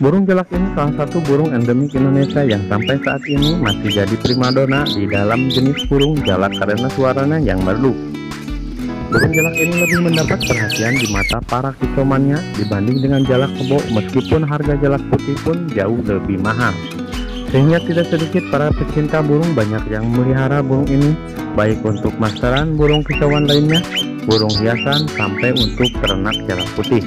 Burung jelak ini salah satu burung endemik Indonesia yang sampai saat ini masih jadi primadona di dalam jenis burung jalak karena suaranya yang merdu. Burung jelak ini lebih mendapat perhatian di mata para kicomannya dibanding dengan jalak kebo meskipun harga jalak putih pun jauh lebih mahal. Sehingga tidak sedikit para pecinta burung banyak yang melihara burung ini baik untuk masteran burung kicauan lainnya, burung hiasan, sampai untuk ternak jalak putih.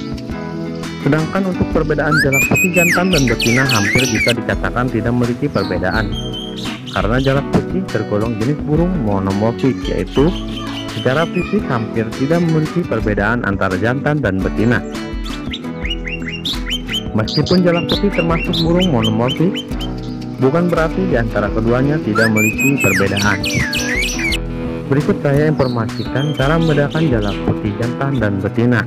Sedangkan untuk perbedaan jarak putih jantan kan dan betina hampir bisa dikatakan tidak memiliki perbedaan. Karena jarak putih tergolong jenis burung monomorfik yaitu secara fisik hampir tidak memiliki perbedaan antara jantan dan betina. Meskipun jarak putih termasuk burung monomorfik, bukan berarti di antara keduanya tidak memiliki perbedaan. Berikut saya informasikan cara membedakan jarak putih jantan dan betina.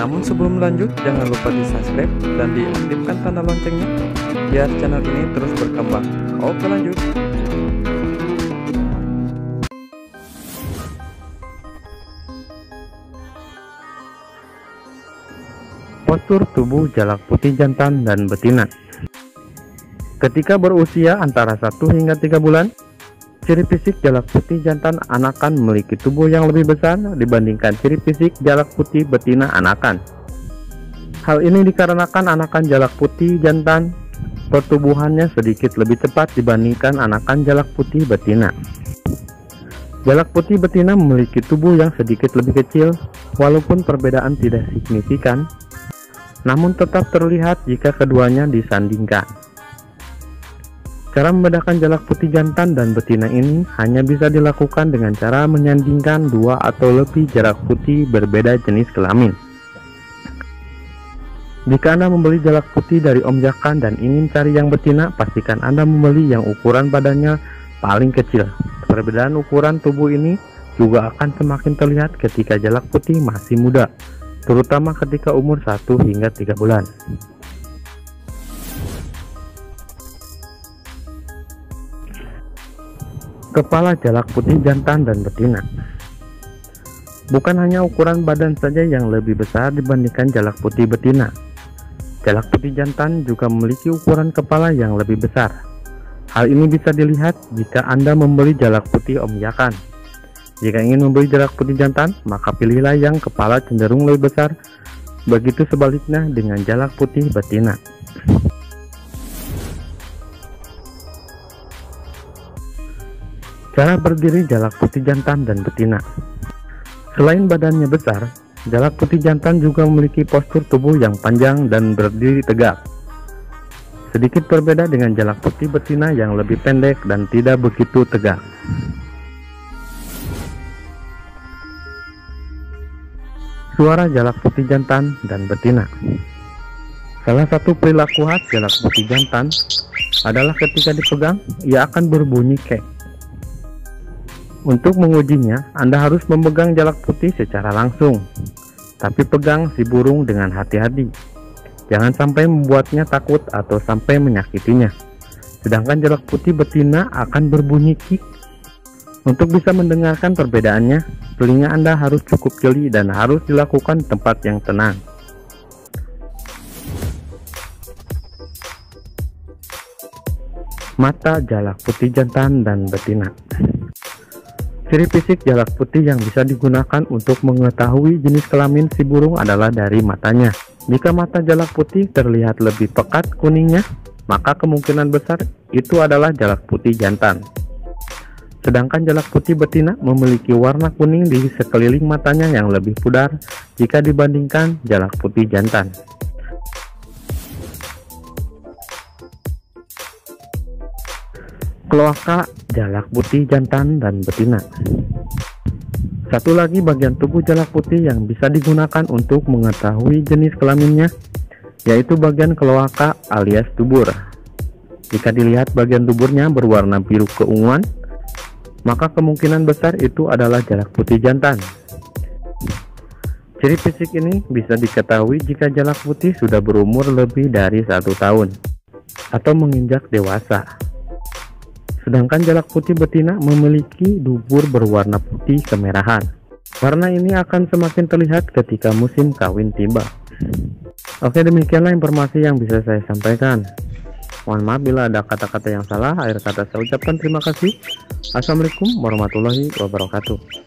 Namun sebelum lanjut, jangan lupa di subscribe dan diaktifkan tanda loncengnya biar channel ini terus berkembang. Oke lanjut. Postur tubuh jalak putih jantan dan betina Ketika berusia antara 1 hingga 3 bulan, ciri fisik jalak putih jantan anakan memiliki tubuh yang lebih besar dibandingkan ciri fisik jalak putih betina anakan. Hal ini dikarenakan anakan jalak putih jantan pertumbuhannya sedikit lebih cepat dibandingkan anakan jalak putih betina. Jalak putih betina memiliki tubuh yang sedikit lebih kecil, walaupun perbedaan tidak signifikan, namun tetap terlihat jika keduanya disandingkan. Cara membedakan jalak putih jantan dan betina ini hanya bisa dilakukan dengan cara menyandingkan dua atau lebih jalak putih berbeda jenis kelamin. Jika Anda membeli jalak putih dari Om Jakan dan ingin cari yang betina, pastikan Anda membeli yang ukuran badannya paling kecil. Perbedaan ukuran tubuh ini juga akan semakin terlihat ketika jalak putih masih muda, terutama ketika umur 1 hingga 3 bulan. kepala jalak putih jantan dan betina. Bukan hanya ukuran badan saja yang lebih besar dibandingkan jalak putih betina. Jalak putih jantan juga memiliki ukuran kepala yang lebih besar. Hal ini bisa dilihat jika Anda membeli jalak putih om yakan. Jika ingin membeli jalak putih jantan, maka pilihlah yang kepala cenderung lebih besar. Begitu sebaliknya dengan jalak putih betina. Cara berdiri jalak putih jantan dan betina Selain badannya besar, jalak putih jantan juga memiliki postur tubuh yang panjang dan berdiri tegak. Sedikit berbeda dengan jalak putih betina yang lebih pendek dan tidak begitu tegak. Suara jalak putih jantan dan betina Salah satu perilaku khas jalak putih jantan adalah ketika dipegang, ia akan berbunyi kek. Untuk mengujinya, Anda harus memegang jalak putih secara langsung, tapi pegang si burung dengan hati-hati. Jangan sampai membuatnya takut atau sampai menyakitinya. Sedangkan jalak putih betina akan berbunyi kik. Untuk bisa mendengarkan perbedaannya, telinga Anda harus cukup jeli dan harus dilakukan di tempat yang tenang. Mata jalak putih jantan dan betina. Ciri fisik jalak putih yang bisa digunakan untuk mengetahui jenis kelamin si burung adalah dari matanya. Jika mata jalak putih terlihat lebih pekat kuningnya, maka kemungkinan besar itu adalah jalak putih jantan. Sedangkan jalak putih betina memiliki warna kuning di sekeliling matanya yang lebih pudar jika dibandingkan jalak putih jantan. kloaka, jalak putih jantan, dan betina. Satu lagi bagian tubuh jalak putih yang bisa digunakan untuk mengetahui jenis kelaminnya yaitu bagian kloaka alias dubur. Jika dilihat bagian duburnya berwarna biru keunguan, maka kemungkinan besar itu adalah jalak putih jantan. Ciri fisik ini bisa diketahui jika jalak putih sudah berumur lebih dari satu tahun atau menginjak dewasa. Sedangkan jalak putih betina memiliki dubur berwarna putih kemerahan. Warna ini akan semakin terlihat ketika musim kawin tiba. Oke demikianlah informasi yang bisa saya sampaikan. Mohon maaf bila ada kata-kata yang salah, akhir kata saya ucapkan terima kasih. Assalamualaikum warahmatullahi wabarakatuh.